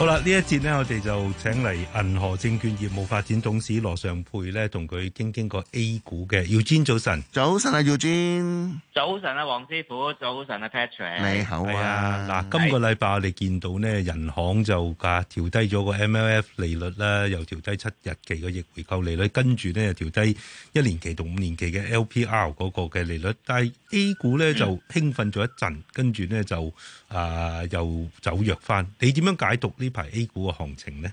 好啦，呢一節呢，我哋就請嚟銀河證券業務發展董事羅尚沛咧，同佢傾傾個 A 股嘅。耀堅早晨，早晨啊，耀堅，早晨啊，黃師傅，早晨啊，Patrick，你好啊。嗱、哎，今個禮拜我哋見到呢，人行就價調低咗個 MLF 利率啦，又調低七日期嘅逆回購利率，跟住呢，又調低一年期同五年期嘅 LPR 嗰個嘅利率。但係 A 股咧就興奮咗一陣，跟住呢，就。啊，又走弱翻，你點樣解讀呢排 A 股嘅行情呢？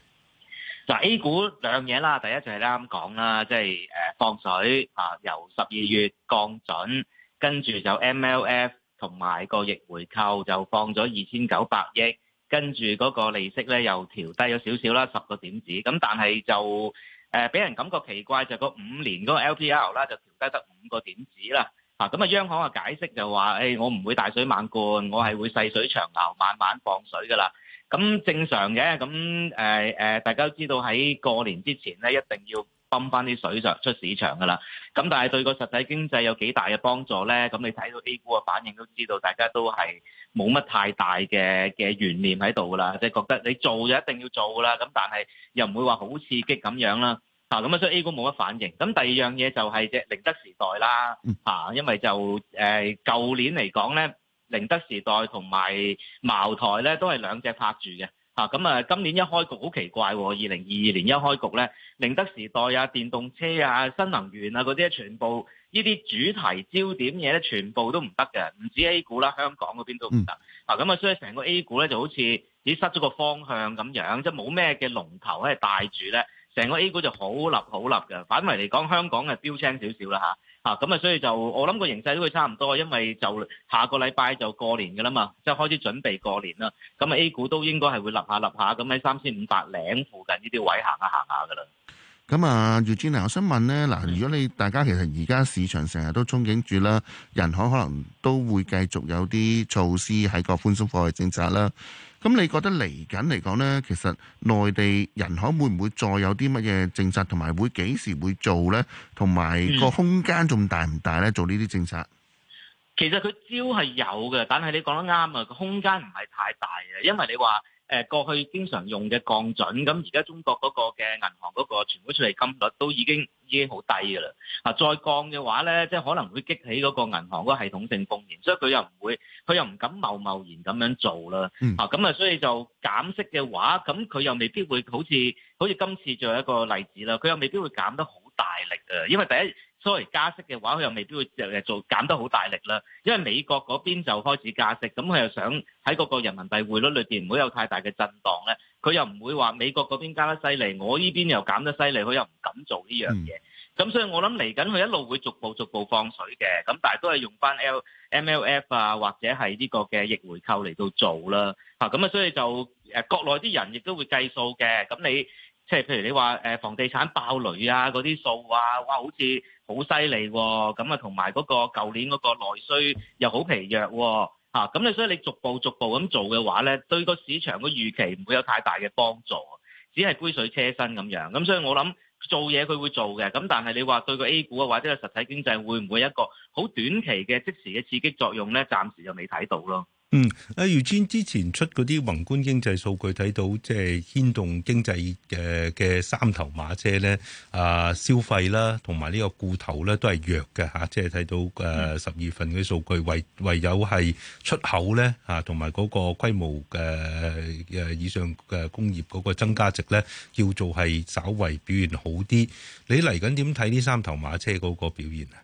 嗱，A 股兩嘢啦，第一就係啱講啦，即係誒放水啊，由十二月降準，跟住就 MLF 同埋個逆回購就放咗二千九百億，跟住嗰個利息咧又調低咗少少啦，十個點子。咁但係就誒俾人感覺奇怪就個五年嗰個 LPR 啦，就調低得五個點子啦。啊咁啊，央行啊解釋就話：誒，我唔會大水猛灌，我係會細水長流，慢慢放水噶啦。咁正常嘅。咁誒誒，大家都知道喺過年之前咧，一定要泵翻啲水上出市場噶啦。咁但係對個實體經濟有幾大嘅幫助咧？咁你睇到 A 股嘅反應都知道，大家都係冇乜太大嘅嘅懸念喺度噶啦，即係覺得你做就一定要做噶啦。咁但係又唔會話好刺激咁樣啦。啊，咁啊、嗯，所以 A 股冇乜反應。咁第二樣嘢就係隻寧德時代啦，嚇、嗯，因為就誒舊年嚟講咧，寧德時代同埋茅台咧都係兩隻拍住嘅。嚇，咁啊，今年一開局好奇怪喎！二零二二年一開局咧，寧德時代啊、電動車啊、新能源啊嗰啲，全部呢啲主題焦點嘢咧，全部都唔得嘅，唔止 A 股啦，香港嗰邊都唔得。啊、嗯，咁啊，所以成個 A 股咧就好似已經失咗個方向咁樣，即係冇咩嘅龍頭喺度帶住咧。成個 A 股就好立好立嘅，反過嚟講香港係標青少少啦吓，嚇，咁啊，所以就我諗個形勢都會差唔多，因為就下個禮拜就過年嘅啦嘛，即係開始準備過年啦，咁啊 A 股都應該係會立下立下，咁喺三千五百零附近呢啲位行下行下嘅啦。咁啊，姚建玲，我想問咧，嗱，如果你大家其實而家市場成日都憧憬住啦，人行可能都會繼續有啲措施喺個寬鬆貨幣政策啦。咁你覺得嚟緊嚟講咧，其實內地人行會唔會再有啲乜嘢政策，同埋會幾時會做咧？同埋個空間仲大唔大咧？做呢啲政策？嗯、其實佢招係有嘅，但係你講得啱啊，個空間唔係太大嘅，因為你話，誒過去經常用嘅降準，咁而家中國嗰個嘅銀行嗰個存款準備金率都已經已經好低㗎啦。啊，再降嘅話咧，即係可能會激起嗰個銀行嗰個系統性風險，所以佢又唔會，佢又唔敢貿貿然咁樣做啦。啊、嗯，咁啊，所以就減息嘅話，咁佢又未必會好似好似今次仲有一個例子啦，佢又未必會減得好大力嘅，因為第一。所謂加息嘅話，佢又未必會誒做減得好大力啦。因為美國嗰邊就開始加息，咁佢又想喺嗰個人民幣匯率裏邊唔會有太大嘅震盪咧。佢又唔會話美國嗰邊加得犀利，我呢邊又減得犀利，佢又唔敢做呢樣嘢。咁所以我諗嚟緊佢一路會逐步逐步放水嘅，咁但係都係用翻 MLF 啊或者係呢個嘅逆回購嚟到做啦。嚇咁啊，所以就誒國內啲人亦都會計數嘅。咁你即係譬如你話誒房地產爆雷啊嗰啲數啊，哇好似～好犀利喎，咁啊同埋嗰個舊年嗰個內需又好疲弱喎，哦，咁，啊，你所以你逐步逐步咁做嘅話咧，對個市場嘅預期唔會有太大嘅幫助，只係杯水車薪咁樣。咁所以我諗做嘢佢會做嘅，咁但係你話對個 A 股啊或者個實體經濟會唔會一個好短期嘅即時嘅刺激作用咧？暫時就未睇到咯。嗯，如之前出嗰啲宏觀經濟數據睇到，即係牽動經濟嘅嘅三頭馬車咧，啊消費啦，同埋呢個固投咧都係弱嘅吓、啊，即係睇到誒十月份嗰啲數據，唯唯有係出口咧嚇，同埋嗰個規模嘅誒、啊、以上嘅工業嗰個增加值咧，叫做係稍為表現好啲。你嚟緊點睇呢三頭馬車嗰個表現啊？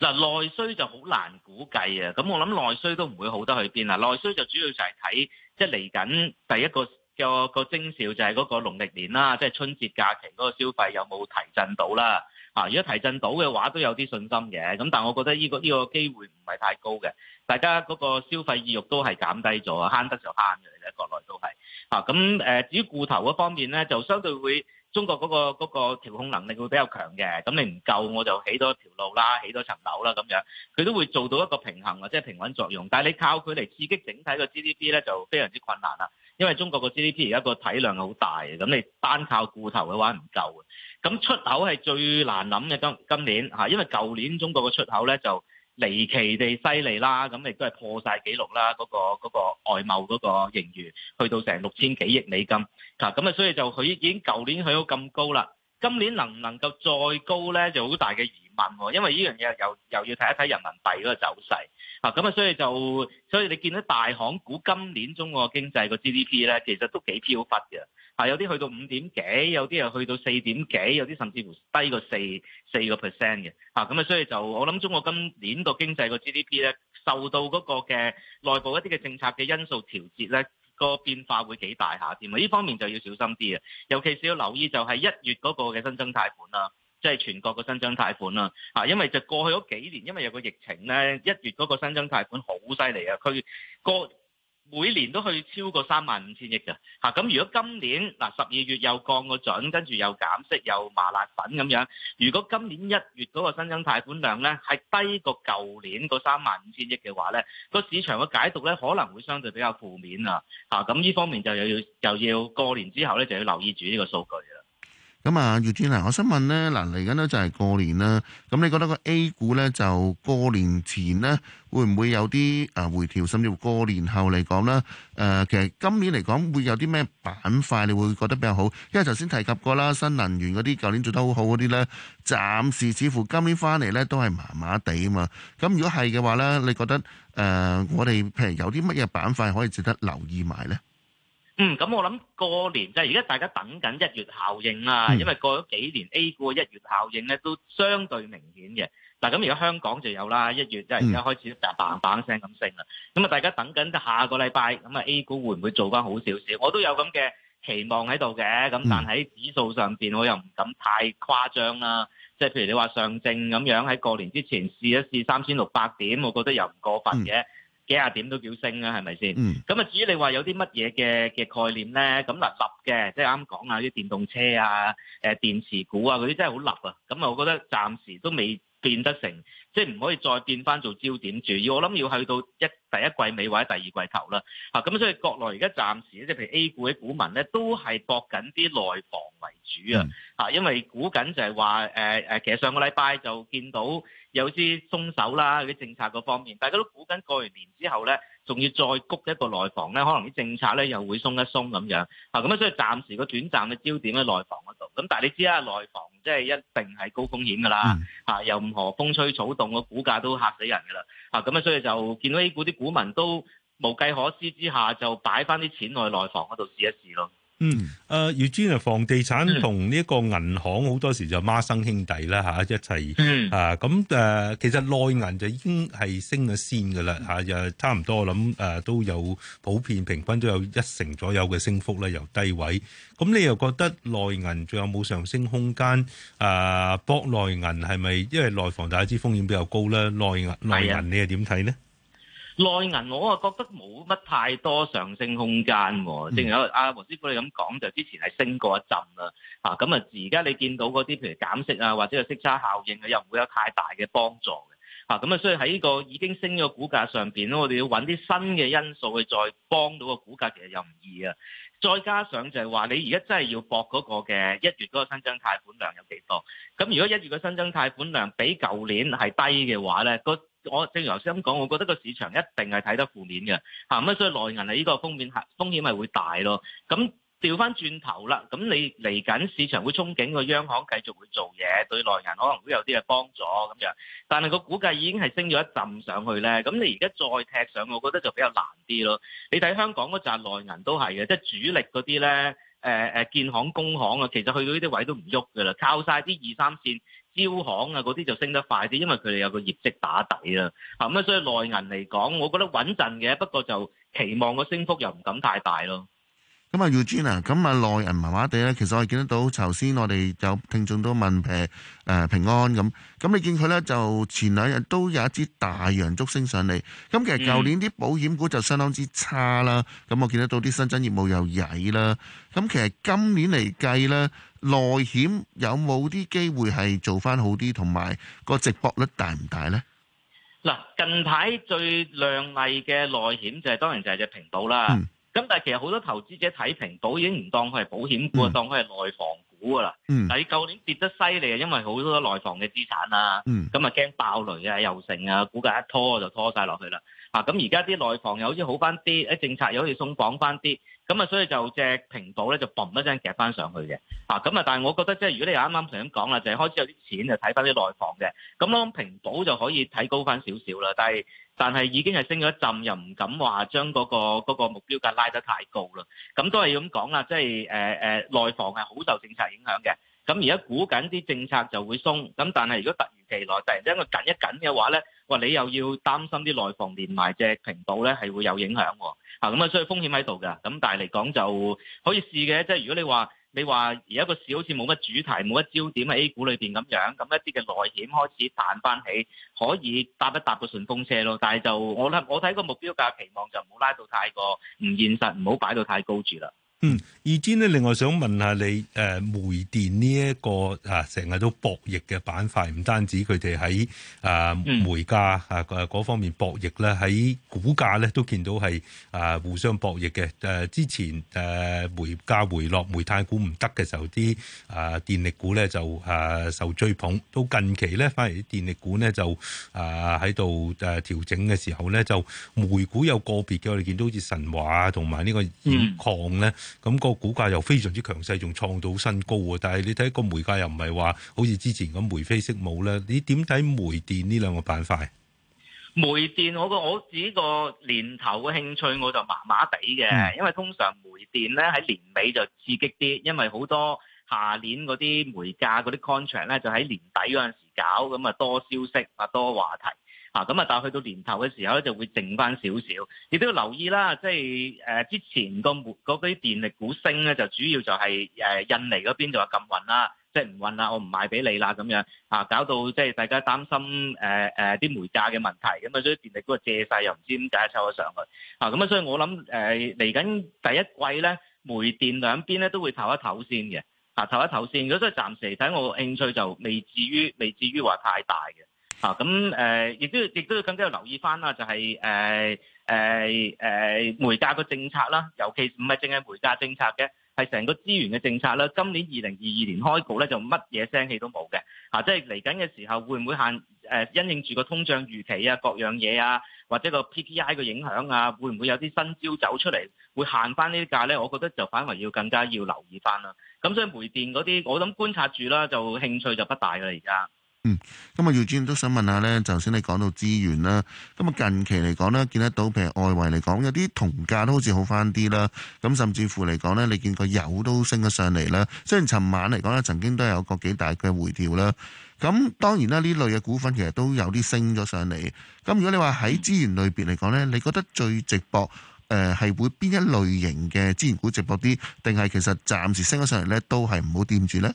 嗱，內需就好難估計啊！咁我諗內需都唔會好得去邊啊！內需就主要就係睇，即係嚟緊第一個一個一個徵兆就係嗰個農曆年啦，即係春節假期嗰個消費有冇提振到啦？嚇、啊！如果提振到嘅話，都有啲信心嘅。咁但係我覺得呢個呢個機會唔係太高嘅，大家嗰個消費意欲都係減低咗，慳得就慳嘅，喺國內都係嚇。咁、啊、誒，至於固投嗰方面咧，就相對會，中國嗰個嗰個調控能力會比較強嘅，咁你唔夠我就起多條路啦，起多層樓啦咁樣，佢都會做到一個平衡或者係平穩作用。但係你靠佢嚟刺激整體個 GDP 咧，就非常之困難啦，因為中國個 GDP 而家個體量好大嘅，咁你單靠固投嘅話唔夠嘅。咁出口係最難諗嘅，今今年嚇，因為舊年中國嘅出口咧就離奇地犀利啦，咁亦都係破晒紀錄啦，嗰個嗰個外貿嗰個盈餘去到成六千幾億美金。啊，咁啊，所以就佢已經舊年去到咁高啦，今年能唔能夠再高咧，就好大嘅疑問喎，啊。因為呢樣嘢又又要睇一睇人民幣嗰個走勢。啊，咁啊，所以就，所以你見到大行股今年中國經濟個 GDP 咧，其實都幾飄忽嘅。啊，有啲去到五點幾，有啲又去到四點幾，有啲甚至乎低過四四個 percent 嘅。啊，咁啊，所以就我諗中國今年個經濟個 GDP 咧，受到嗰個嘅內部一啲嘅政策嘅因素調節咧。個變化會幾大下添啊！呢方面就要小心啲啊，尤其是要留意就係一月嗰個嘅新增貸款啦，即係全國嘅新增貸款啦，啊，因為就過去嗰幾年，因為有個疫情咧，一月嗰個新增貸款好犀利啊，佢個。每年都去超過三萬五千億嘅，嚇、啊、咁如果今年嗱十二月又降個準，跟住又減息又麻辣粉咁樣，如果今年一月嗰個新增貸款量咧係低過舊年嗰三萬五千億嘅話咧，個市場嘅解讀咧可能會相對比較負面啊！嚇，咁呢方面就又要又要過年之後咧就要留意住呢個數據。咁啊，葉天嗱，我想問咧嗱，嚟緊咧就係過年啦。咁你覺得個 A 股咧就過年前咧會唔會有啲啊回調，甚至乎過年後嚟講咧？誒，其實今年嚟講會有啲咩板塊你會覺得比較好？因為頭先提及過啦，新能源嗰啲舊年做得好好嗰啲咧，暫時似乎今年翻嚟咧都係麻麻地啊嘛。咁如果係嘅話咧，你覺得誒我哋譬如有啲乜嘢板塊可以值得留意埋咧？嗯，咁我諗過年即係而家大家等緊一月效應啦，因為過咗幾年 A 股嘅一月效應咧都相對明顯嘅。嗱，咁而家香港就有啦，一月即係而家開始就嘭嘭聲咁升啦。咁啊，大家等緊下個禮拜，咁啊 A 股會唔會做翻好少少？我都有咁嘅期望喺度嘅，咁但喺指數上邊我又唔敢太誇張啦。即係譬如你話上證咁樣喺過年之前試一試三千六百點，我覺得又唔過分嘅。幾廿點都叫升啦，係咪先？咁啊，嗯、至於你話有啲乜嘢嘅嘅概念咧，咁嗱立嘅，即係啱講啊，啲電動車啊，誒、呃、電池股啊嗰啲真係好立啊，咁啊，我覺得暫時都未變得成，即係唔可以再變翻做焦點注意，我諗要去到一。第一季尾或者第二季頭啦，嚇、嗯、咁所以國內而家暫時即係譬如 A 股嘅股民咧都係博緊啲內房為主啊嚇，嗯、因為估緊就係話誒誒，其實上個禮拜就見到有啲鬆手啦，啲政策嗰方面，大家都估緊過完年之後咧，仲要再谷一個內房咧，可能啲政策咧又會鬆一鬆咁樣嚇，咁、嗯、啊所以暫時個短暫嘅焦點咧，內房嗰度，咁、嗯、但係你知啦，內房即係一定係高風險㗎啦嚇，任、嗯啊、何風吹草動個股價都嚇死人㗎啦嚇，咁啊所以就見到 A 股啲。股民都無計可施之下，就擺翻啲錢去內房嗰度試一試咯。嗯，誒，月珠啊，房地產同呢一個銀行好多時就孖生兄弟啦嚇，一齊啊，咁誒，其實內銀就已經係升咗先嘅啦嚇，又差唔多，我諗誒都有普遍平均都有一成左右嘅升幅咧，由低位。咁你又覺得內銀仲有冇上升空間？啊，博內銀係咪因為內房大家知風險比較高咧？內銀內銀你又點睇呢？內銀我啊覺得冇乜太多上升空間喎、啊，嗯、正如阿黃師傅你咁講，就之前係升過一陣啦，嚇咁啊而家你見到嗰啲譬如減息啊，或者個息差效應啊，又唔會有太大嘅幫助嘅，嚇、啊、咁啊，所以喺呢個已經升咗股價上邊，我哋要搵啲新嘅因素去再幫到個股價，其實又唔易啊。再加上就係話你而家真係要搏嗰個嘅一月嗰個新增貸款量有幾多？咁如果一月嘅新增貸款量比舊年係低嘅話咧，我正如頭先咁講，我覺得個市場一定係睇得負面嘅，嚇咁所以內銀係呢個風險係風險係會大咯。咁調翻轉頭啦，咁你嚟緊市場會憧憬個央行繼續會做嘢，對內銀可能會有啲嘅幫助咁樣。但係個估計已經係升咗一陣上去咧，咁你而家再踢上，我覺得就比較難啲咯。你睇香港嗰扎內銀都係嘅，即係主力嗰啲咧，誒誒建行、工行啊，其實去到呢啲位都唔喐嘅啦，靠晒啲二三線。招行啊嗰啲就升得快啲，因為佢哋有個業績打底啦。嚇咁啊，所以內銀嚟講，我覺得穩陣嘅，不過就期望個升幅又唔敢太大咯。咁啊，Eugene 啊，咁啊內銀麻麻地咧，其實我見得到，頭先我哋有聽眾都問誒誒平安咁，咁你見佢咧就前兩日都有一支大陽燭升上嚟。咁其實舊年啲保險股就相當之差啦。咁我見得到啲新增業務又曳啦。咁其實今年嚟計咧。內險有冇啲機會係做翻好啲，同埋個值博率大唔大咧？嗱，近排最亮麗嘅內險就係當然就係隻平保啦。咁但係其實好多投資者睇平保已經唔當佢係保險股，當佢係內房股噶啦。但係舊年跌得犀利啊，因為好多內房嘅資產啦，咁啊驚爆雷啊、又城啊，估計一拖就拖晒落去啦。啊，咁而家啲內房又好似好翻啲，啲政策又好似鬆綁翻啲。咁啊、嗯，所以就隻平保咧就嘣一聲夾翻上去嘅，啊咁啊，但係我覺得即係如果你啱啱頭先講啦，就係、是、開始有啲錢就睇翻啲內房嘅，咁、嗯、我平保就可以睇高翻少少啦，但係但係已經係升咗一陣，又唔敢話將嗰個嗰個目標價拉得太高啦，咁、嗯、都係要咁講啦，即係誒誒內房係好受政策影響嘅，咁而家估緊啲政策就會鬆，咁、嗯、但係如果突如其來突然之間佢緊一緊嘅話咧。哇！你又要擔心啲內房連埋隻平保咧，係會有影響喎、哦。咁、嗯、啊、嗯，所以風險喺度㗎。咁但係嚟講就可以試嘅。即、就、係、是、如果你話你話而家個市好似冇乜主題、冇乜焦點喺 A 股裏邊咁樣，咁一啲嘅內險開始彈翻起，可以搭一搭個順風車咯。但係就我諗，我睇個目標價期望就唔好拉到太過唔現實，唔好擺到太高住啦。嗯，易堅咧，另外想問下你，誒、啊、煤電呢、這、一個啊成日都博弈嘅板塊，唔單止佢哋喺啊煤價啊嗰方面博弈啦，喺股價咧都見到係啊互相博弈嘅。誒、啊、之前誒、啊、煤價回落，煤炭股唔得嘅時候，啲啊電力股咧就啊受追捧。到近期咧，反而啲電力股咧就啊喺度誒調整嘅時候咧，就煤股有個別嘅，我哋見到好似神華啊同埋呢個鹽礦咧。嗯咁個股價又非常之強勢，仲創到新高喎。但係你睇個煤價又唔係話好似之前咁眉飛色舞咧。你點睇煤電呢兩個板塊？煤電，我個我自己個年頭嘅興趣我就麻麻地嘅，因為通常煤電咧喺年尾就刺激啲，因為好多下年嗰啲煤價嗰啲 contract 咧就喺年底嗰陣時搞，咁啊多消息啊多話題。咁啊，但係去到年頭嘅時候咧，就會剩翻少少，亦都要留意啦。即係誒之前個煤嗰啲電力股升咧，就主要就係誒印尼嗰邊就話禁運啦，即係唔運啦，我唔賣俾你啦咁樣啊，搞到即係大家擔心誒誒啲煤價嘅問題，咁啊，所以電力股借勢又唔知點解抽咗上去啊。咁啊，所以我諗誒嚟緊第一季咧，煤電兩邊咧都會唞一唞先嘅啊，唞一唞先。如果都暫時嚟睇，我興趣就未至於未至於話太大嘅。啊，咁誒、哦，亦、呃、都亦都更加要留意翻啦，就係誒誒誒煤價個政策啦，尤其唔係淨係煤價政策嘅，係成個資源嘅政策啦。今年二零二二年開局咧就乜嘢聲氣都冇嘅，啊，即係嚟緊嘅時候會唔會限誒、呃，因應住個通脹預期啊，各樣嘢啊，或者個 PPI 嘅影響啊，會唔會有啲新招走出嚟，會限翻呢啲價咧？我覺得就反而要更加要留意翻啦。咁所以煤電嗰啲，我諗觀察住啦，就興趣就不大啦而家。嗯，咁啊，姚主任都想問下咧，頭先你講到資源啦，咁啊近期嚟講咧，見得到，譬如外圍嚟講，有啲銅價都好似好返啲啦，咁甚至乎嚟講咧，你見個油都升咗上嚟啦，雖然尋晚嚟講咧，曾經都有個幾大嘅回調啦，咁當然啦，呢類嘅股份其實都有啲升咗上嚟，咁如果你話喺資源類別嚟講咧，你覺得最值博誒係會邊一類型嘅資源股值博啲，定係其實暫時升咗上嚟咧，都係唔好掂住咧？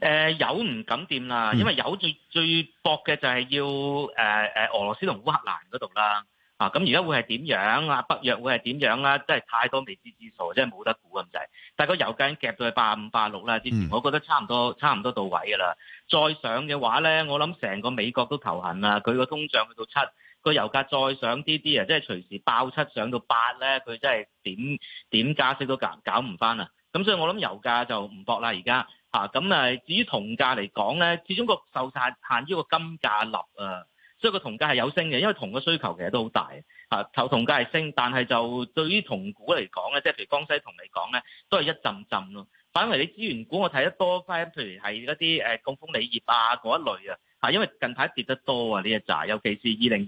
誒、呃，油唔敢掂啦，因為油最最搏嘅就係要誒誒、呃呃、俄羅斯同烏克蘭嗰度啦，啊咁而家會係點樣啊，北約會係點樣啦，真係太多未知之數，即係冇得估咁滯。但係個油價夾到去八五八六啦，之前我覺得差唔多差唔多到位噶啦，再上嘅話咧，我諗成個美國都頭痕啦，佢個通脹去到七，個油價再上啲啲啊，即係隨時爆七上到八咧，佢真係點點加息都搞搞唔翻啦。咁所以我諗油價就唔搏啦，而家。啊，咁啊，至於銅價嚟講咧，始終個受限於個金價立啊，所以個銅價係有升嘅，因為銅嘅需求其實都好大，求銅價係升，但係就對於銅股嚟講咧，即係譬如江西銅嚟講咧，都係一陣陣咯。反為你資源股，我睇得多翻，譬如係一啲誒贛鋒鋰業啊嗰一類啊，嚇，因為近排跌得多啊呢一扎，尤其是二零二二年，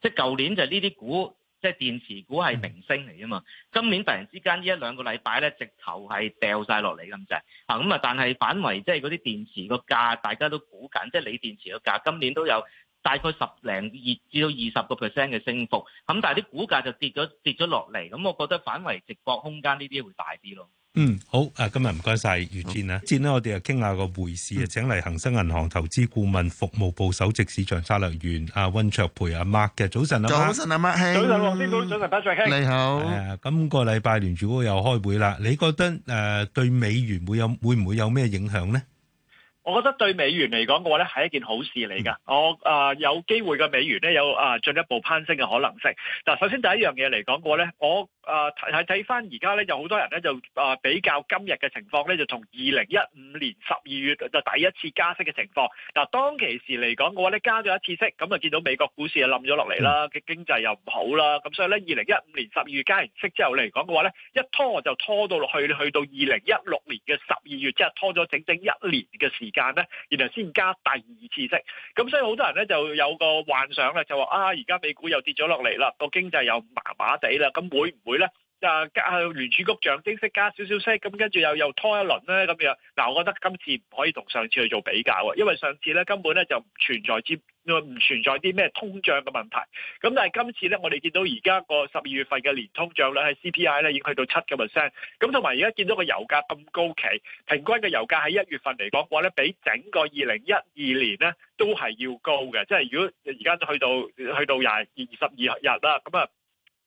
即係舊年就呢啲股。即係電池股係明星嚟啊嘛，今年突然之間呢一兩個禮拜咧，直頭係掉晒落嚟咁滯啊！咁、嗯、啊，但係反為即係嗰啲電池個價，大家都估緊，即係鋰電池個價，今年都有大概十零二至到二十個 percent 嘅升幅，咁但係啲股價就跌咗跌咗落嚟，咁、嗯、我覺得反為值博空間呢啲會大啲咯。嗯，好，誒，今日唔該晒月箭啊！箭咧，我哋又傾下個匯市啊，請嚟恒生銀行投資顧問服務部首席市場策略員阿温灼培阿 Mark 嘅，早晨啊！早晨啊，麥兄！早晨，黃先生，早晨啊，温灼培，你好。誒，今個禮拜聯儲會又開會啦，你覺得誒對美元會有會唔會有咩影響咧？我覺得對美元嚟講嘅話咧，係一件好事嚟㗎。我誒有機會嘅美元咧，有誒進一步攀升嘅可能性。嗱，首先第一樣嘢嚟講嘅話咧，我。誒係睇翻而家咧，就好多人咧就誒、呃、比較今日嘅情況咧，就從二零一五年十二月就第一次加息嘅情況。嗱、呃，當其時嚟講嘅話咧，加咗一次息，咁啊見到美國股市啊冧咗落嚟啦，嘅經濟又唔好啦，咁所以咧二零一五年十二月加完息之後嚟講嘅話咧，一拖就拖到落去去到二零一六年嘅十二月，即係拖咗整整一年嘅時間咧，然後先加第二次息。咁所以好多人咧就有個幻想啦，就話啊而家美股又跌咗落嚟啦，個經濟又麻麻地啦，咁會唔會？會咧就加啊，聯儲局降息加少少息，咁跟住又又拖一輪咧咁樣。嗱，我覺得今次唔可以同上次去做比較啊，因為上次咧根本咧就唔存在支唔存在啲咩通脹嘅問題。咁但係今次咧，我哋見到而家個十二月份嘅年通脹率係 CPI 咧已經去到七個 percent。咁同埋而家見到個油價咁高企，平均嘅油價喺一月份嚟講，我覺得比整個二零一二年咧都係要高嘅。即係如果而家去到去到廿二十二日啦，咁啊。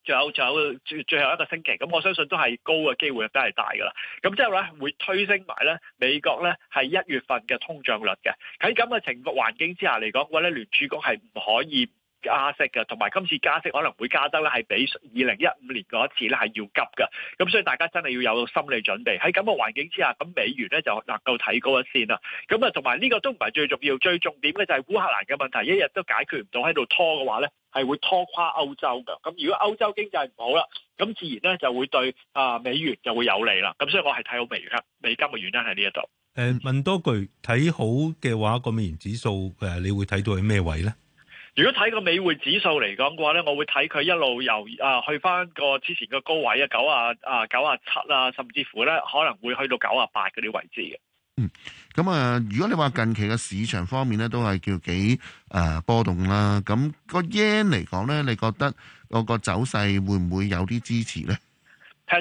仲有仲有最最後一個星期，咁我相信都係高嘅機會係比較大噶啦。咁之後咧會推升埋咧美國咧係一月份嘅通脹率嘅。喺咁嘅情況環境之下嚟講，我覺得聯儲局係唔可以加息嘅，同埋今次加息可能會加得咧，係比二零一五年嗰一次咧係要急㗎。咁所以大家真係要有心理準備。喺咁嘅環境之下，咁美元咧就能夠睇高一線啦。咁啊，同埋呢個都唔係最重要，最重點咧就係烏克蘭嘅問題，一日都解決唔到，喺度拖嘅話咧，係會拖垮歐洲㗎。咁如果歐洲經濟唔好啦，咁自然咧就會對啊美元就會有利啦。咁所以我係睇好美元、美金嘅原因喺呢一度。誒、呃，問多句，睇好嘅話，個美元指數誒，你會睇到係咩位咧？如果睇個美匯指數嚟講嘅話咧，我會睇佢一路由啊、呃、去翻個之前嘅高位啊九啊啊九啊七啊，甚至乎咧可能會去到九啊八嗰啲位置嘅、嗯。嗯，咁、嗯、啊，如果你話近期嘅市場方面咧都係叫幾誒、呃、波動啦，咁、嗯那個 yen 嚟講咧，你覺得個個走勢會唔會有啲支持咧？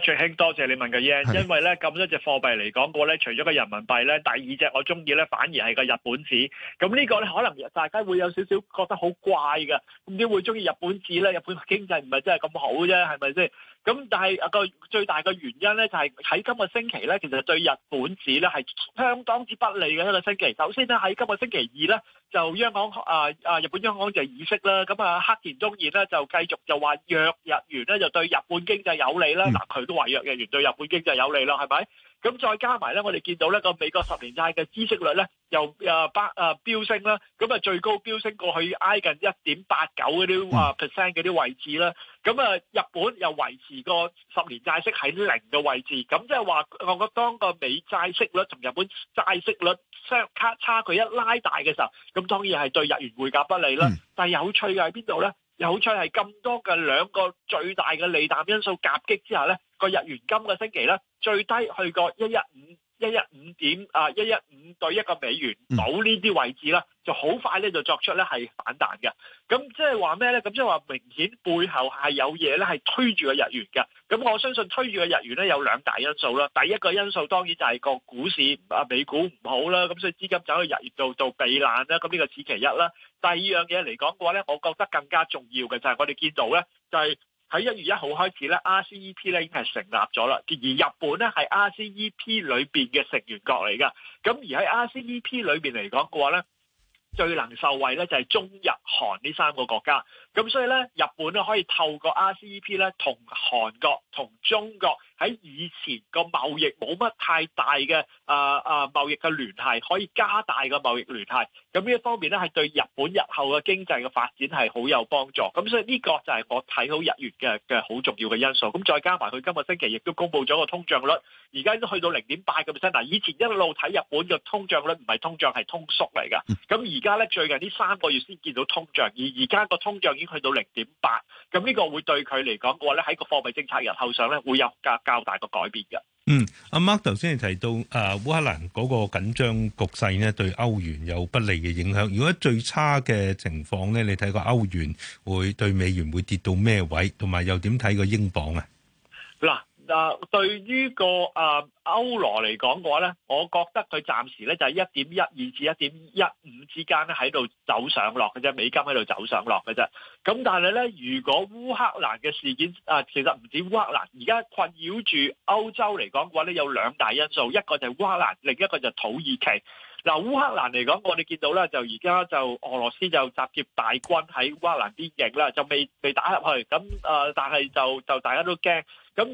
最興多謝你問嘅嘢，因為咧咁多隻貨幣嚟講，我咧除咗個人民幣咧，第二隻我中意咧反而係個日本紙。咁呢個咧可能大家會有少少覺得好怪嘅，點會中意日本紙咧？日本經濟唔係真係咁好啫，係咪先？咁但係個最大嘅原因咧，就係喺今個星期咧，其實對日本紙咧係相當之不利嘅一個星期。首先咧，喺今個星期二咧，就央行啊啊日本央行就議息啦，咁啊黑田東彥咧就繼續就話弱日元咧就對日本經濟有利啦。嗱、嗯，佢都話弱日元對日本經濟有利啦，係咪？咁再加埋咧，我哋見到咧個美國十年債嘅孳息率咧，又啊八啊飆升啦，咁啊最高飆升過去挨近一點八九嗰啲啊 percent 嗰啲位置啦。咁啊日本又維持個十年債息喺零嘅位置，咁即係話我覺得當個美債息率同日本債息率相差差距一拉大嘅時候，咁當然係對日元匯價不利啦。嗯、但係有趣嘅喺邊度咧？有趣係咁多嘅兩個最大嘅利淡因素夾擊之下咧，個日元今個星期咧。最低去過一一五一一五點啊一一五對一個美元冇呢啲位置啦，就好快咧就作出咧係反彈嘅。咁即係話咩咧？咁即係話明顯背後係有嘢咧係推住個日元嘅。咁我相信推住個日元咧有兩大因素啦。第一個因素當然就係個股市啊美股唔好啦，咁所以資金走去日元度做，做避難啦。咁呢個此其一啦。第二樣嘢嚟講嘅話咧，我覺得更加重要嘅就係我哋見到咧，就係、是。喺一月一號開始咧，RCEP 咧已經係成立咗啦，而日本咧係 RCEP 裏邊嘅成員國嚟㗎，咁而喺 RCEP 裏邊嚟講嘅話咧，最能受惠咧就係中日韓呢三個國家。咁所以咧，日本咧可以透過 RCEP 咧，同韓國、同中國喺以前個貿易冇乜太大嘅啊啊貿易嘅聯繫，可以加大個貿易聯繫。咁呢一方面咧，係對日本日後嘅經濟嘅發展係好有幫助。咁所以呢個就係我睇好日元嘅嘅好重要嘅因素。咁再加埋佢今個星期亦都公布咗個通脹率，而家都去到零點八個 percent。嗱，以前一路睇日本嘅通脹率唔係通脹係通縮嚟㗎。咁而家咧最近呢三個月先見到通脹，而而家個通脹，已經去到零點八，咁呢個會對佢嚟講嘅話咧，喺個貨幣政策日後上咧會有較較大個改變嘅。嗯，阿 Mark 頭先係提到誒烏克蘭嗰個緊張局勢咧，對歐元有不利嘅影響。如果最差嘅情況咧，你睇個歐元會對美元會跌到咩位，同埋又點睇個英鎊啊？嗱。啊，對於個啊歐羅嚟講嘅話咧，我覺得佢暫時咧就係一點一二至一點一五之間咧喺度走上落嘅啫，美金喺度走上落嘅啫。咁但係咧，如果烏克蘭嘅事件啊，其實唔止烏克蘭，而家困擾住歐洲嚟講嘅話咧，有兩大因素，一個就係烏克蘭，另一個就係土耳其。嗱，烏克蘭嚟講，我哋見到咧就而家就俄羅斯就集結大軍喺烏克蘭邊境啦，就未被打入去。咁啊、呃，但係就就大家都驚。咁而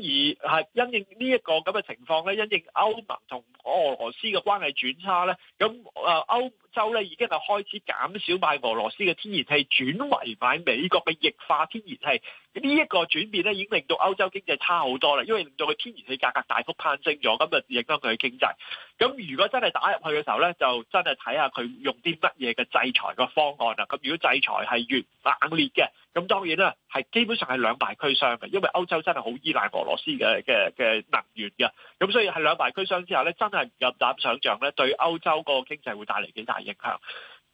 係因應呢一個咁嘅情況咧，因應歐盟同俄羅斯嘅關係轉差咧，咁啊歐洲咧已經係開始減少買俄羅斯嘅天然氣，轉為買美國嘅液化天然氣。呢一個轉變咧，已經令到歐洲經濟差好多啦，因為令到佢天然氣價格大幅攀升咗，咁啊影響佢嘅經濟。咁如果真係打入去嘅時候咧，就真係睇下佢用啲乜嘢嘅制裁個方案啦。咁如果制裁係越猛烈嘅，咁當然啦，係基本上係兩敗俱傷嘅，因為歐洲真係好依賴俄羅斯嘅嘅嘅能源嘅，咁所以係兩敗俱傷之下咧，真係唔夠膽想像咧對歐洲個經濟會帶嚟幾大影響。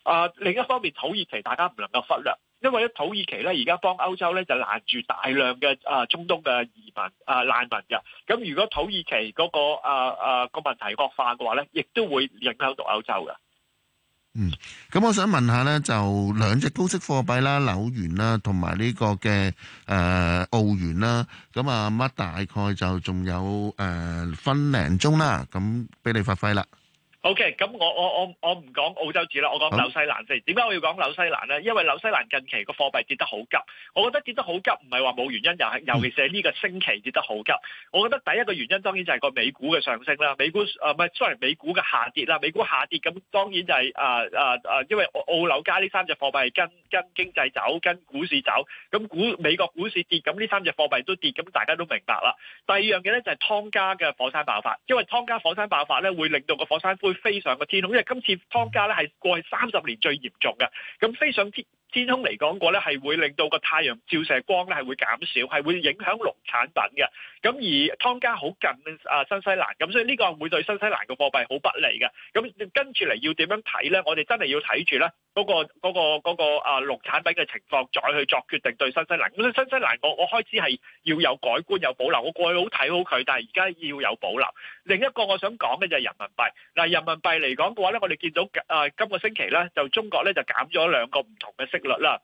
啊、呃，另一方面土耳其大家唔能夠忽略，因為咧土耳其咧而家幫歐洲咧就攔住大量嘅啊中東嘅移民啊難民嘅，咁如果土耳其嗰、嗰個啊啊個問題惡化嘅話咧，亦都會影響到歐洲嘅。嗯，咁我想問下咧，就兩隻高息貨幣啦，紐元啦，同埋呢個嘅誒澳元啦，咁啊乜大概就仲有誒、呃、分零鐘啦，咁俾你發揮啦。O.K. 咁我我我我唔講澳洲紙啦，我講紐西蘭先。點解我要講紐西蘭咧？因為紐西蘭近期個貨幣跌得好急。我覺得跌得好急，唔係話冇原因，又係尤其是係呢個星期跌得好急。我覺得第一個原因當然就係個美股嘅上升啦。美股啊，唔係 sorry，美股嘅下跌啦，美股下跌咁，當然就係、是、啊啊啊，因為澳紐加呢三隻貨幣跟跟經濟走、跟股市走。咁股美國股市跌，咁呢三隻貨幣都跌，咁大家都明白啦。第二樣嘢咧就係湯加嘅火山爆發，因為湯加火山爆發咧會令到個火山灰。飛上個天空，因為今次湯家咧係過去三十年最嚴重嘅，咁飛上天天空嚟講過咧，係會令到個太陽照射光咧係會減少，係會影響農產品嘅，咁而湯家好近啊新西蘭，咁所以呢個會對新西蘭嘅貨幣好不利嘅，咁跟住嚟要點樣睇咧？我哋真係要睇住咧。嗰個嗰個嗰個啊農產品嘅情況，再去作決定。對新西蘭新西蘭，我我開始係要有改觀有保留，我過去好睇好佢，但係而家要有保留。另一個我想講嘅就係人民幣嗱，人民幣嚟講嘅話咧，我哋見到啊今個星期咧就中國咧就減咗兩個唔同嘅息率啦。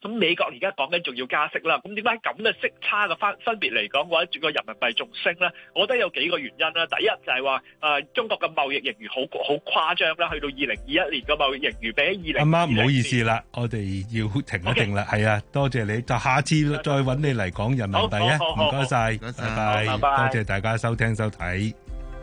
咁美國而家講緊仲要加息啦，咁點解咁嘅息差嘅分分別嚟講嘅話，或者整個人民幣仲升咧？我覺得有幾個原因啦。第一就係、是、話，誒、呃、中國嘅貿易盈餘好好誇張啦，去到二零二一年嘅貿易盈餘比二零，阿媽唔好意思啦，我哋要停一停啦。係 Okay. 啊，多謝你，就下次再揾你嚟講人民幣啊，唔該晒，拜拜。多謝大家收聽收睇。